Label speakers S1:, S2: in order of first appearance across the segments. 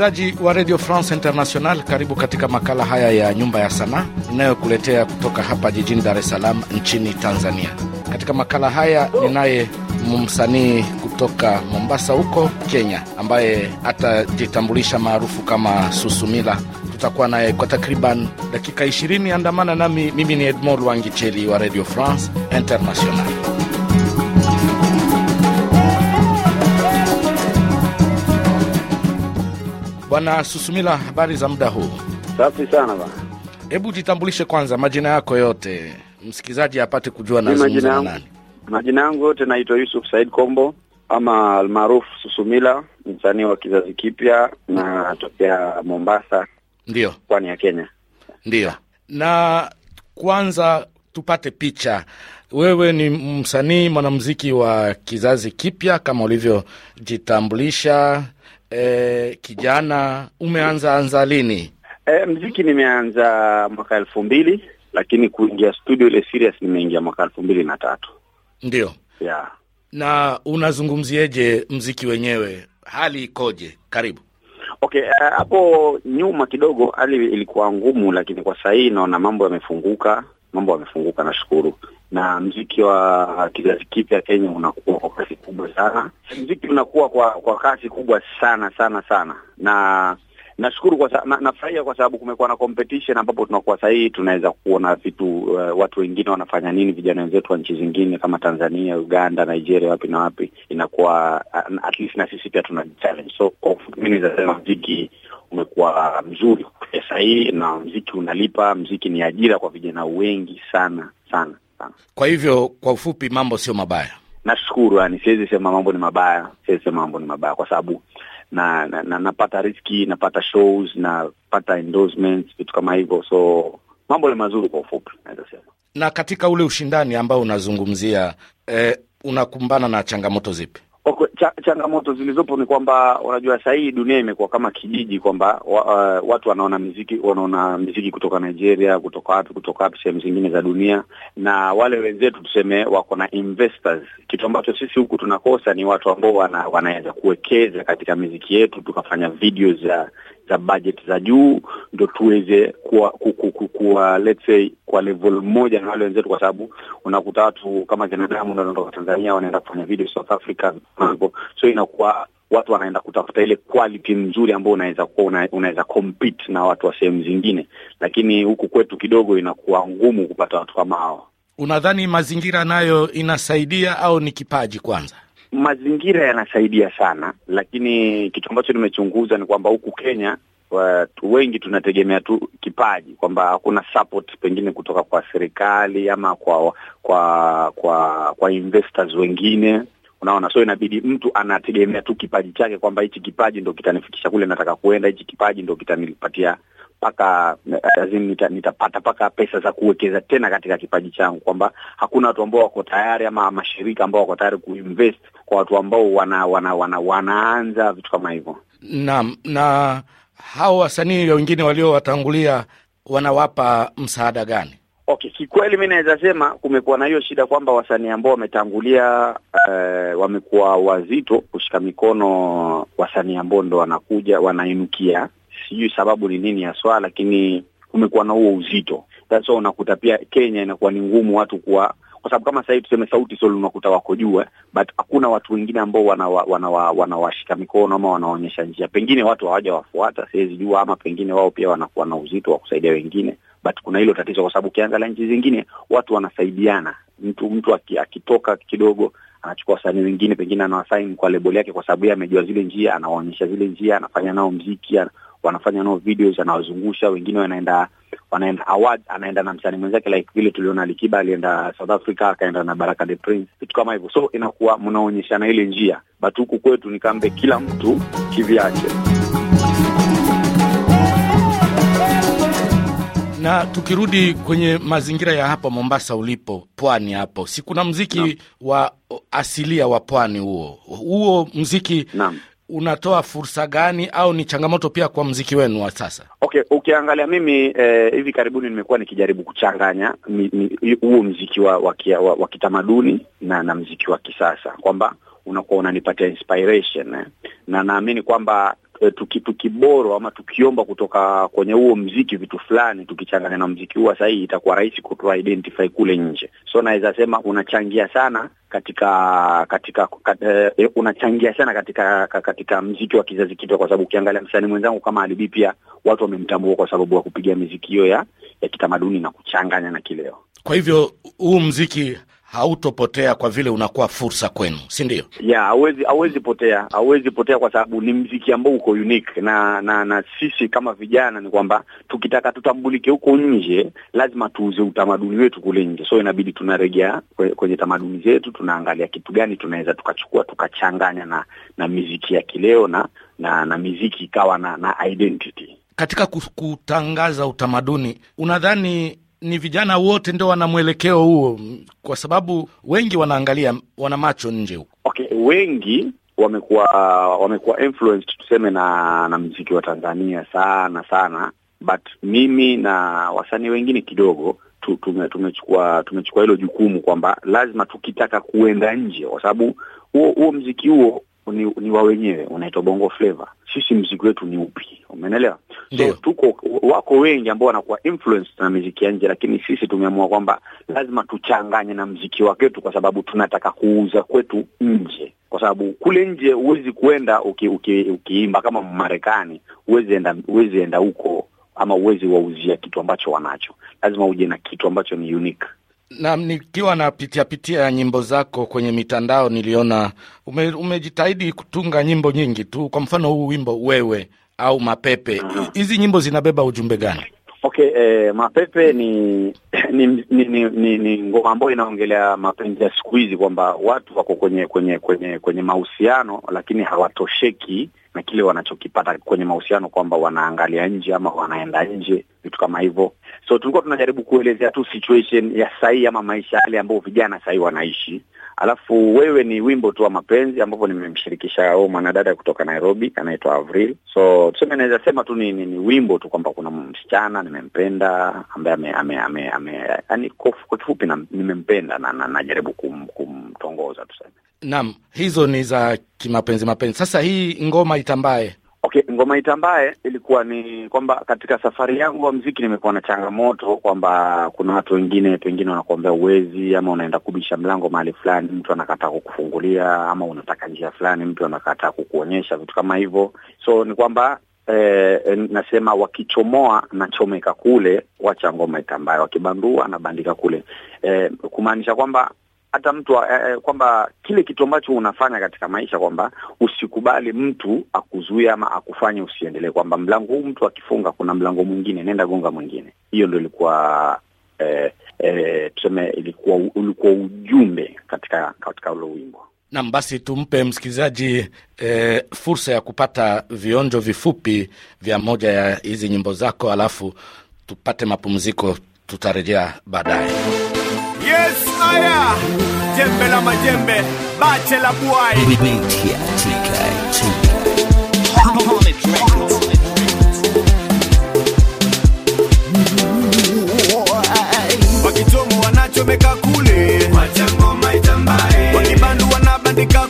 S1: Msikilizaji wa Radio France International, karibu katika makala haya ya Nyumba ya Sanaa inayokuletea kutoka hapa jijini Dar es Salaam nchini Tanzania. Katika makala haya ninaye msanii kutoka Mombasa huko Kenya, ambaye atajitambulisha maarufu kama Susumila. Tutakuwa naye kwa takriban dakika 20. Andamana nami, mimi ni Edmond Wangicheli wa Radio France International. Bwana Susumila, habari za muda huu? Safi sana bwana. Hebu jitambulishe kwanza, majina yako yote, msikilizaji apate kujua nazungumza nani.
S2: Majina yangu yote naitwa Yusuf Said Kombo ama almaarufu Susumila, msanii wa kizazi kipya na tokea Mombasa, ndio pwani ya Kenya.
S1: Ndio, na kwanza tupate picha. Wewe ni msanii mwanamuziki wa kizazi kipya kama ulivyojitambulisha E, kijana umeanza anza lini? E,
S2: mziki nimeanza mwaka elfu mbili lakini kuingia studio ile serious nimeingia mwaka elfu mbili na tatu ndio yeah.
S1: Na unazungumzieje mziki wenyewe, hali ikoje? Karibu.
S2: Okay, eh, hapo uh, nyuma kidogo hali ilikuwa ngumu, lakini kwa sahii naona mambo yamefunguka, mambo yamefunguka, nashukuru na mziki wa kizazi kipya Kenya unakuwa kwa kasi kubwa sana, mziki unakuwa kwa kwa kasi kubwa sana sana sana, na nashukuru kwa na, nafurahia kwa sababu kumekuwa na competition ambapo tunakuwa sahihi, tunaweza kuona vitu uh, watu wengine wanafanya nini, vijana wenzetu wa nchi zingine kama Tanzania, Uganda, Nigeria, wapi na wapi, inakuwa uh, at least na sisi pia tuna challenge. So kwa ufupi, mimi nasema mziki umekuwa mzuri kwa sasa na mziki unalipa, mziki ni ajira kwa vijana wengi sana sana sana.
S1: Kwa hivyo kwa ufupi, mambo sio mabaya.
S2: Nashukuru, yani siwezi sema mambo ni mabaya, siwezi sema mambo ni mabaya kwa sababu na, na, na napata riski, napata shows, napata endorsements, vitu kama hivyo, so mambo ni mazuri kwa ufupi, naweza sema.
S1: Na katika ule ushindani ambao unazungumzia, eh, unakumbana na changamoto zipi?
S2: Cha, changamoto zilizopo ni kwamba unajua sasa hii dunia imekuwa kama kijiji kwamba wa, uh, watu wanaona miziki wanaona miziki kutoka Nigeria, kutoka wapi, kutoka wapi, sehemu zingine za dunia, na wale wenzetu tuseme wako na investors, kitu ambacho sisi huku tunakosa ni watu ambao wana, wanaweza kuwekeza katika miziki yetu tukafanya videos ya za budget za juu ndo tuweze kuwa, ku, ku, ku, kuwa, let's say kwa level moja na wale wenzetu, kwa sababu unakuta watu kama kina Diamond Tanzania wanaenda kufanya video South Africa, so inakuwa watu wanaenda kutafuta ile quality nzuri ambayo unaweza kuwa una, unaweza compete na watu wa sehemu zingine, lakini huku kwetu kidogo inakuwa ngumu kupata watu kama hao.
S1: Unadhani mazingira nayo inasaidia au ni kipaji kwanza?
S2: Mazingira yanasaidia sana, lakini kitu ambacho nimechunguza ni kwamba huku Kenya watu wengi tunategemea tu kipaji, kwamba hakuna support pengine kutoka kwa serikali ama kwa kwa kwa kwa investors wengine, unaona. So inabidi mtu anategemea tu kipaji chake, kwamba hichi kipaji ndo kitanifikisha kule nataka kuenda, hichi kipaji ndo kitanipatia mpaka eh, lazima nita, nitapata mpaka pesa za kuwekeza tena katika kipaji changu, kwamba hakuna watu ambao wako tayari ama mashirika ambao wako tayari kuinvest kwa watu ambao wana, wana, wana, wanaanza vitu kama hivyo.
S1: Naam, na hao wasanii wengine waliowatangulia wanawapa msaada gani?
S2: Okay, kikweli mi naweza sema kumekuwa na hiyo shida kwamba wasanii ambao wametangulia uh, wamekuwa wazito kushika mikono wasanii ambao ndo wanakuja wanainukia sijui sababu ni nini ya swala, lakini kumekuwa na huo uzito. Sasa unakuta pia Kenya inakuwa ni ngumu watu kuwa kwa sababu kama sasa hivi tuseme Sauti Sol unakuta wako juu, eh, but hakuna watu wengine ambao wanawashika wana, wana, wana mikono ama wanaonyesha njia. Pengine watu hawajawafuata, siwezi jua, ama pengine wao pia wanakuwa na uzito wa kusaidia wengine, but kuna hilo tatizo, kwa sababu ukiangalia nchi zingine watu wanasaidiana, mtu mtu akitoka kidogo anachukua wasanii wengine, pengine anawasaini kwa lebo yake, kwa sababu yeye amejua zile njia, anawaonyesha zile njia, anafanya nao mziki ana wanafanya nao videos, anawazungusha wengine, wanaenda wanaenda award, anaenda na msanii mwenzake, like vile tuliona Alikiba alienda South Africa akaenda na Baraka the Prince, vitu kama hivyo. So inakuwa mnaonyeshana ile njia, but huku kwetu ni kambe kila mtu kivyake.
S1: na tukirudi kwenye mazingira ya hapa Mombasa ulipo pwani hapo, si kuna mziki wa asilia wa pwani huo huo mziki unatoa fursa gani au ni changamoto pia kwa mziki wenu wa sasa? Okay, ukiangalia
S2: okay, mimi eh, hivi karibuni nimekuwa nikijaribu kuchanganya huo mziki wa wa, wa wa kitamaduni na na mziki wa kisasa kwamba unakuwa unanipatia inspiration eh, na naamini kwamba Eh, tukiboro ama tukiomba kutoka kwenye huo mziki vitu fulani, tukichanganya na mziki huo sahihi, itakuwa rahisi kutu identify kule nje. So naweza sema unachangia sana katika katika kat, e, unachangia sana katika katika mziki wa kizazi kipya, kwa sababu ukiangalia msanii mwenzangu kama Alibi pia watu wamemtambua kwa sababu wa kupiga miziki hiyo ya ya kitamaduni na kuchanganya na kileo.
S1: Kwa hivyo huu mziki hautopotea kwa vile unakuwa fursa kwenu, si ndio?
S2: Yeah, hauwezi hauwezi potea, hauwezi potea kwa sababu ni mziki ambao uko unique, na na na sisi kama vijana ni kwamba tukitaka tutambulike huko nje, lazima tuuze utamaduni wetu kule nje, so inabidi tunaregea kwenye tamaduni zetu, tunaangalia kitu gani tunaweza tukachukua tukachanganya na na miziki ya kileo na na, na miziki ikawa na na identity
S1: katika kutangaza utamaduni. Unadhani ni vijana wote ndio wana mwelekeo huo, kwa sababu wengi wanaangalia, wana macho nje huko.
S2: Okay, wengi wamekuwa uh, wamekuwa influenced tuseme na na mziki wa Tanzania sana sana, but mimi na wasanii wengine kidogo tume, tumechukua tumechukua hilo jukumu kwamba lazima tukitaka kuenda nje, kwa sababu huo huo mziki huo ni, ni wa wenyewe unaitwa bongo flavor. Sisi mziki wetu ni upi? Umeelewa? So tuko wako wengi ambao wanakuwa influenced na miziki ya nje, lakini sisi tumeamua kwamba lazima tuchanganye na mziki wa kwetu, kwa sababu tunataka kuuza kwetu nje, kwa sababu kule nje huwezi kuenda ukiimba uki, uki kama Marekani, huwezi enda huko ama uwezi wauzia kitu ambacho wanacho. Lazima uje na kitu ambacho ni unique.
S1: Na nikiwa napitia pitia nyimbo zako kwenye mitandao niliona ume, umejitahidi kutunga nyimbo nyingi tu. Kwa mfano huu wimbo wewe au mapepe, hizi nyimbo zinabeba ujumbe gani?
S2: Okay, eh, Mapepe ni ni, ni, ni, ni, ni ngoma ambayo inaongelea mapenzi ya siku hizi kwamba watu wako kwenye kwenye kwenye kwenye mahusiano lakini hawatosheki na kile wanachokipata kwenye mahusiano, kwamba wanaangalia nje ama wanaenda nje, vitu kama hivyo. So tulikuwa tunajaribu kuelezea tu situation ya sahii ama maisha yale ambayo vijana sahii wanaishi alafu wewe ni wimbo tu wa mapenzi ambapo nimemshirikisha huyo mwanadada kutoka Nairobi anaitwa Avril. So tuseme, naweza sema tu ni, ni, ni wimbo tu kwamba kuna msichana nimempenda ambaye ame, ame, ame, ame yani kwa kifupi nimempenda na najaribu na kumtongoza tuseme.
S1: Naam, hizo ni za kimapenzi mapenzi. Sasa hii ngoma itambaye
S2: Ngoma itambaye ilikuwa ni kwamba katika safari yangu wa mziki nimekuwa na changamoto kwamba kuna watu wengine pengine wanakuambia uwezi, ama unaenda kubisha mlango mahali fulani, mtu anakataa kukufungulia, ama unataka njia fulani, mtu anakataa kukuonyesha vitu kama hivyo. So ni kwamba E, nasema wakichomoa nachomeka kule, wacha ngoma itambaye wakibandua nabandika kule, e, kumaanisha kwamba hata mtu eh, eh, kwamba kile kitu ambacho unafanya katika maisha kwamba usikubali mtu akuzuia ama akufanye usiendelee, kwamba mlango huu mtu akifunga kuna mlango mwingine, nenda gonga mwingine. Hiyo ndio ilikuwa eh, eh, tuseme ilikuwa ulikuwa ujumbe katika katika
S1: ule wimbo. Nam, basi tumpe msikilizaji eh, fursa ya kupata vionjo vifupi vya moja ya hizi nyimbo zako, alafu tupate mapumziko. Tutarejea baadaye.
S3: Yes, aya. Jembe la majembe, bache la buai.
S1: Beat ya tika
S3: tika. Wakichomo wanachomeka kule, wachangoma ngoma itambae, wakibandu wanabandika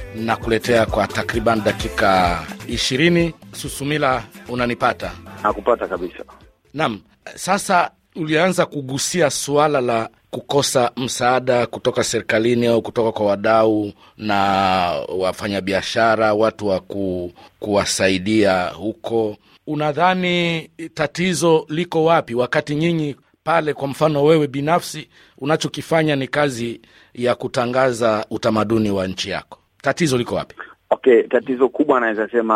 S1: nakuletea kwa takriban dakika ishirini. Susumila, unanipata? Nakupata kabisa. Naam, sasa ulianza kugusia suala la kukosa msaada kutoka serikalini au kutoka kwa wadau na wafanyabiashara, watu wa ku, kuwasaidia huko. Unadhani tatizo liko wapi, wakati nyinyi pale, kwa mfano wewe binafsi unachokifanya ni kazi ya kutangaza utamaduni wa nchi yako? tatizo liko wapi?
S2: Okay, tatizo kubwa anaweza sema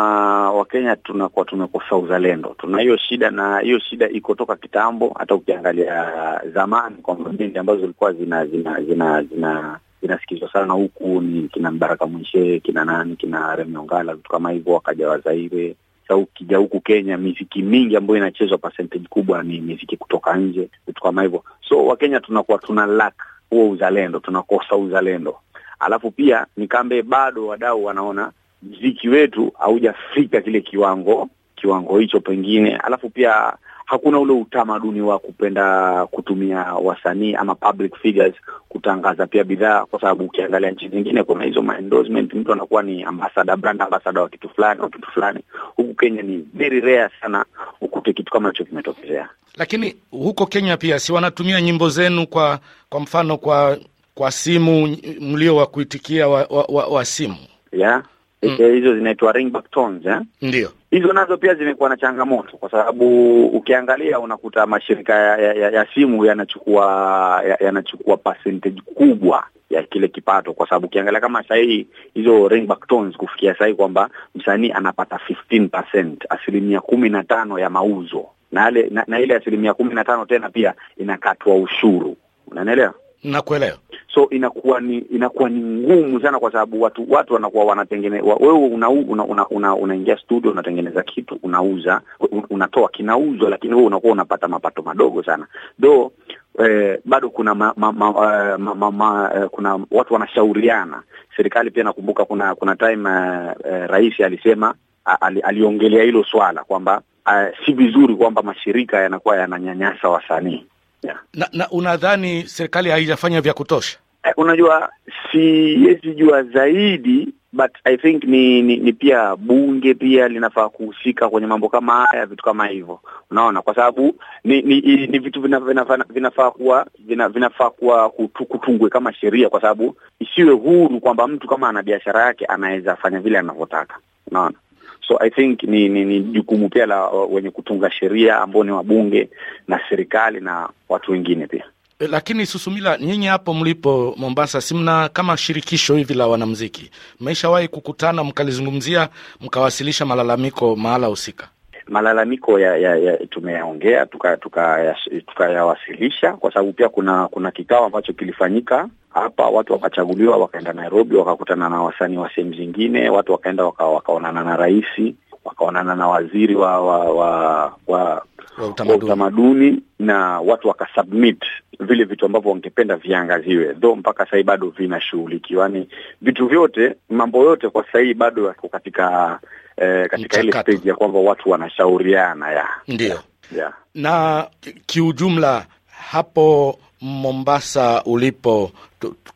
S2: Wakenya tunakuwa tumekosa uzalendo. Tuna hiyo shida, na hiyo shida iko toka kitambo. Hata ukiangalia zamani, kwa bendi ambazo zilikuwa zina zina zina zina zinasikizwa sana huku ni kina Mbaraka Mwishe, kina nani, kina Remi Ongala, vitu kama hivyo, wakaja Wazaire. Sasa ukija huku Kenya, miziki mingi ambayo inachezwa percentage kubwa ni miziki kutoka nje, vitu kama hivyo. So Wakenya tunakuwa tuna lack huo uzalendo, tunakosa uzalendo alafu pia nikambe bado wadau wanaona mziki wetu haujafika kile kiwango kiwango hicho pengine, alafu pia hakuna ule utamaduni wa kupenda kutumia wasanii ama public figures kutangaza pia bidhaa, kwa sababu ukiangalia nchi zingine kuna hizo endorsement, mtu anakuwa ni ambassador, brand ambassador wa kitu fulani au kitu fulani. Huku Kenya ni very rare sana ukute kitu kama hicho kimetokezea.
S1: Lakini huko Kenya pia si wanatumia nyimbo zenu kwa kwa mfano kwa kwa simu mlio wa kuitikia wa, wa, wa, wa simu
S2: yeah. Mm. Eh, hizo zinaitwa ringback tones eh? Ndio, hizo nazo pia zimekuwa na changamoto, kwa sababu ukiangalia unakuta mashirika ya, ya, ya, ya simu yanachukua yanachukua ya percentage kubwa ya kile kipato, kwa sababu ukiangalia kama sahii hii hizo ringback tones kufikia sahii kwamba msanii anapata 15%, asilimia kumi na tano ya mauzo na, ale, na, na ile asilimia kumi na tano tena pia inakatwa ushuru, unanielewa? Nakuelewa. So inakuwa ni inakuwa ni ngumu sana, kwa sababu watu watu wanakuwa wanatengeneza, wewe una, una, una, una, unaingia studio unatengeneza kitu unauza, unatoa kinauzwa, lakini wewe unakuwa unapata mapato madogo sana do Eh, bado kuna ma, ma, ma, eh, ma, ma, ma, eh, kuna watu wanashauriana. Serikali pia nakumbuka kuna kuna time eh, eh rais alisema al, aliongelea hilo swala kwamba eh, si vizuri kwamba mashirika yanakuwa yananyanyasa wasanii
S1: na, na unadhani serikali haijafanya vya kutosha? Eh, unajua siwezi jua zaidi but I think ni, ni ni
S2: pia bunge pia linafaa kuhusika kwenye mambo kama haya, vitu kama hivyo, unaona, kwa sababu ni ni, ni vitu vinafaa kuwa vinafaa kuwa kutungwe kama sheria, kwa sababu isiwe huru kwamba mtu kama ana biashara yake anaweza fanya vile anavyotaka, unaona. So I think ni ni, ni jukumu pia la uh, wenye kutunga sheria ambao ni wabunge na serikali na watu wengine pia.
S1: Eh, lakini Susumila, nyinyi hapo mlipo Mombasa, simna kama shirikisho hivi la wanamziki, mmeshawahi kukutana mkalizungumzia mkawasilisha malalamiko mahala husika?
S2: malalamiko ya, ya, ya tumeyaongea tukayawasilisha tuka, tuka kwa sababu pia kuna kuna kikao ambacho kilifanyika hapa, watu wakachaguliwa wakaenda Nairobi wakakutana na wasanii wa sehemu zingine, watu wakaenda wakaonana na raisi wakaonana na waziri wa wa wa, wa utamaduni. utamaduni na watu wakasubmit vile vitu ambavyo wangependa viangaziwe, ho mpaka sahii bado vinashughulikiwa. ni vitu vyote, mambo yote kwa sahii bado yako katika eh, katika ile stage ya kwamba watu wanashauriana ya ndio yeah.
S1: Na kiujumla hapo Mombasa ulipo,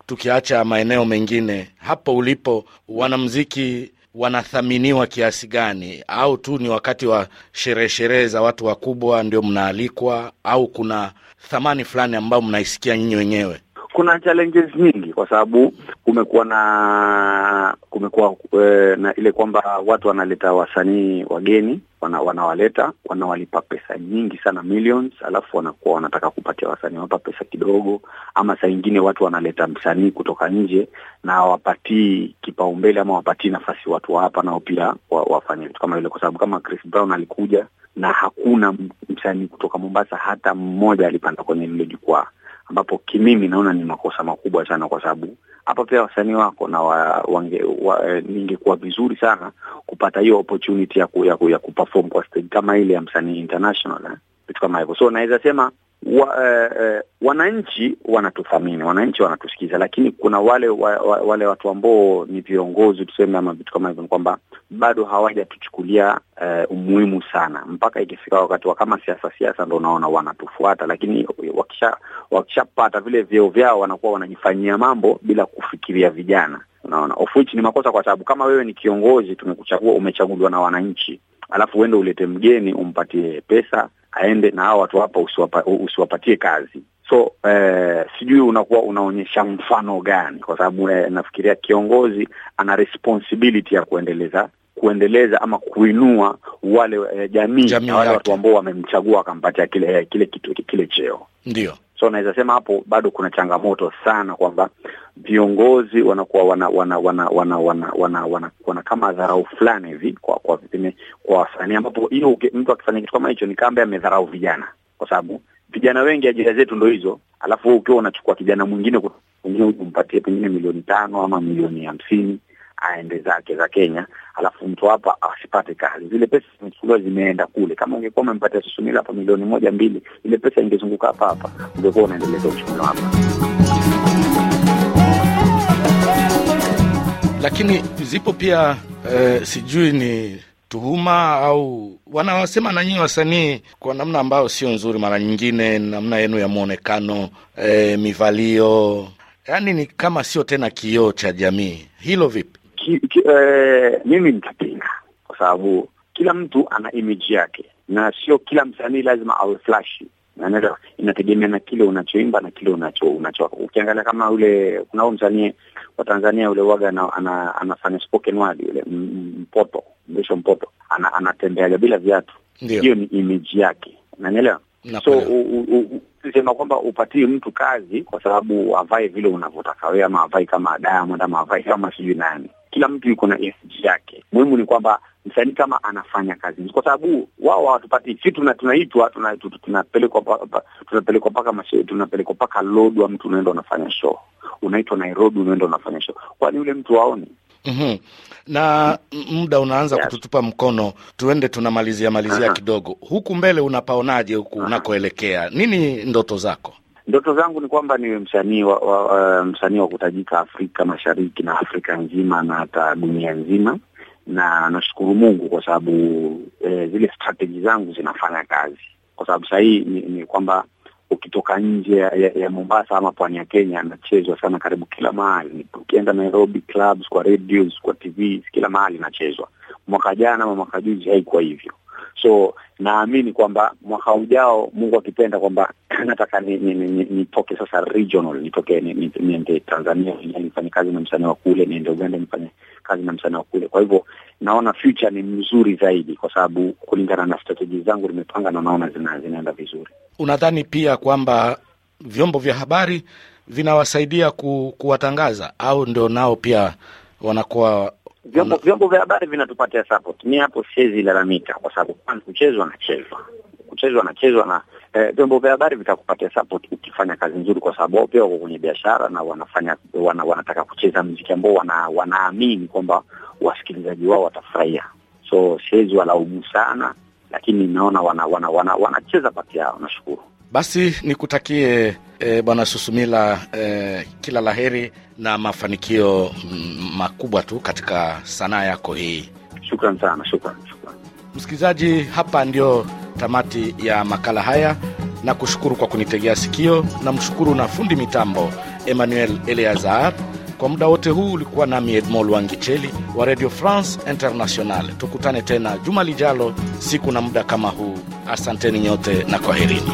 S1: tukiacha maeneo mengine, hapo ulipo wanamziki wanathaminiwa kiasi gani, au tu ni wakati wa sherehe sherehe za watu wakubwa ndio mnaalikwa, au kuna thamani fulani ambayo mnaisikia nyinyi wenyewe?
S2: kuna challenges nyingi kwa sababu kumekuwa na kumekuwa e, na ile kwamba watu wanaleta wasanii wageni wana, wanawaleta wanawalipa pesa nyingi sana millions, alafu wanakuwa wanataka kupatia wasanii wapa pesa kidogo, ama saa ingine watu wanaleta msanii kutoka nje na wapatii kipaumbele ama wapatii nafasi watu hapa nao pia wa, wafanye vitu kama vile, kwa sababu kama Chris Brown alikuja na hakuna msanii kutoka Mombasa hata mmoja alipanda kwenye lile jukwaa ambapo kimimi naona ni makosa makubwa sana, kwa sababu hapa pia wasanii wako na wa, wange, wa, eh, ningekuwa vizuri sana kupata hiyo opportunity ya ku, ya, ku, ya kuperform kwa stage kama ile ya msanii international eh, vitu kama hivyo, so naweza sema wa, eh, eh, wananchi wanatuthamini, wananchi wanatusikiza, lakini kuna wale wa, wa, wale watu ambao ni viongozi tuseme, ama vitu kama hivyo, ni kwamba bado hawajatuchukulia eh, umuhimu sana, mpaka ikifika wakati wa kama siasa siasa, ndo unaona wanatufuata, lakini wakisha wakishapata vile vyeo vyao wanakuwa wanajifanyia mambo bila kufikiria vijana, unaona of which ni makosa, kwa sababu kama wewe ni kiongozi, tumekuchagua, umechaguliwa na wananchi, alafu uende ulete mgeni umpatie pesa aende na hao watu hapa, usiwapatie kazi. So eh, sijui unakuwa unaonyesha mfano gani? Kwa sababu eh, nafikiria kiongozi ana responsibility ya kuendeleza kuendeleza ama kuinua wale eh, jamii na wale watu ambao wamemchagua wakampatia kile, eh, kile kitu kile cheo ndio So naweza sema hapo bado kuna changamoto sana, kwamba viongozi wanakuwa wana wana wana wana wana wana wana wana kama dharau fulani hivi kwa kwa vipime kwa wasanii, ambapo hiyo mtu akifanya kitu kama hicho ni kambe amedharau vijana, kwa sababu vijana wengi ajira zetu ndo hizo, alafu ukiwa unachukua kijana mwingine mwingine umpatie pengine milioni tano ama milioni hamsini aende zake za Kenya, alafu mtu hapa asipate kazi. Zile pesa zimechukuliwa zimeenda kule. Kama ungekuwa umempatia Susumila hapa milioni moja mbili, ile pesa ingezunguka hapa hapa, ungekuwa unaendeleza uchumi hapa.
S1: Lakini zipo pia eh, sijui ni tuhuma au wanawasema na nyinyi wasanii kwa namna ambayo sio nzuri, mara nyingine namna yenu ya mwonekano eh, mivalio, yaani ni kama sio tena kioo cha jamii. Hilo vipi? ki, ki, eh, mimi nitapinga kwa sababu kila mtu ana image yake na sio kila msanii lazima awe
S2: flash Naelewa, inategemea na kile unachoimba na kile unacho unacho. Ukiangalia kama kuna kunao msanii wa Tanzania ule waga ana, ana, anafanya spoken word yule Mpoto, Mrisho Mpoto ana, anatembeaga bila viatu, hiyo ni image yake, unanielewa? So sema kwamba upatie mtu kazi kwa sababu avae vile unavyotaka wewe, ama avae kama Diamond ama avae kama sijui nani kila mtu yuko na ESG yake. Muhimu ni kwamba msanii kama anafanya kazi, kwa sababu wao hawatupati si tunaitwa tunapelekwa paka mashe, tunapelekwa paka lodu, mtu unaenda unafanya show, unaitwa Nairobi, unaenda unafanya show, kwani yule mtu waoni?
S1: Mm -hmm. Na muda unaanza yes, kututupa mkono, tuende tunamalizia malizia, malizia kidogo huku mbele, unapaonaje huku unakoelekea, nini ndoto zako?
S2: Ndoto zangu ni kwamba niwe msanii wa, wa, eh, msanii wa kutajika Afrika Mashariki na Afrika nzima na hata dunia nzima, na nashukuru Mungu kwa sababu e, zile strategy zangu zinafanya kazi, kwa sababu sasa hii ni, ni kwamba ukitoka nje ya, ya Mombasa ama pwani ya Kenya, anachezwa sana karibu kila mahali. Ukienda Nairobi clubs, kwa radios, kwa TV, kila mahali nachezwa. Mwaka jana ama mwaka juzi haikuwa hivyo. So naamini kwamba mwaka ujao Mungu akipenda kwamba nataka nitoke ni, ni, ni sasa regional nitoke niende ni, ni Tanzania nifanye kazi na msanii wa kule, niende Uganda nifanye kazi na msanii wa kule. Kwa hivyo naona future ni mzuri zaidi, kwa sababu kulingana na strateji zangu nimepanga na naona zina, zinaenda
S1: vizuri. Unadhani pia kwamba vyombo vya habari vinawasaidia ku, kuwatangaza au ndio nao pia wanakuwa vyombo vyombo vya habari vinatupatia
S2: support. Mimi hapo siwezi lalamika, kwa sababu kwanza kuchezwa na chezwa anachezwa na eh, vyombo eh, vya habari vitakupatia support ukifanya kazi nzuri, kwa sababu wao pia wako kwenye biashara na wanafanya wana, wanataka kucheza mziki ambao wana, wanaamini kwamba wasikilizaji wao watafurahia, so siwezi walaumu sana, lakini naona wanacheza wana, wana, wana pati
S1: yao. Nashukuru. Basi nikutakie e, bwana Susumila e, kila laheri na mafanikio mm, makubwa tu katika sanaa yako hii. Shukran sana, shukran, shukran. Msikilizaji, hapa ndio tamati ya makala haya na kushukuru kwa kunitegea sikio. Namshukuru na fundi mitambo Emmanuel Eleazar. Kwa muda wote huu ulikuwa nami Edmol Wangicheli wa Radio France International. Tukutane tena juma lijalo, siku na muda kama huu. Asanteni nyote na kwaherini.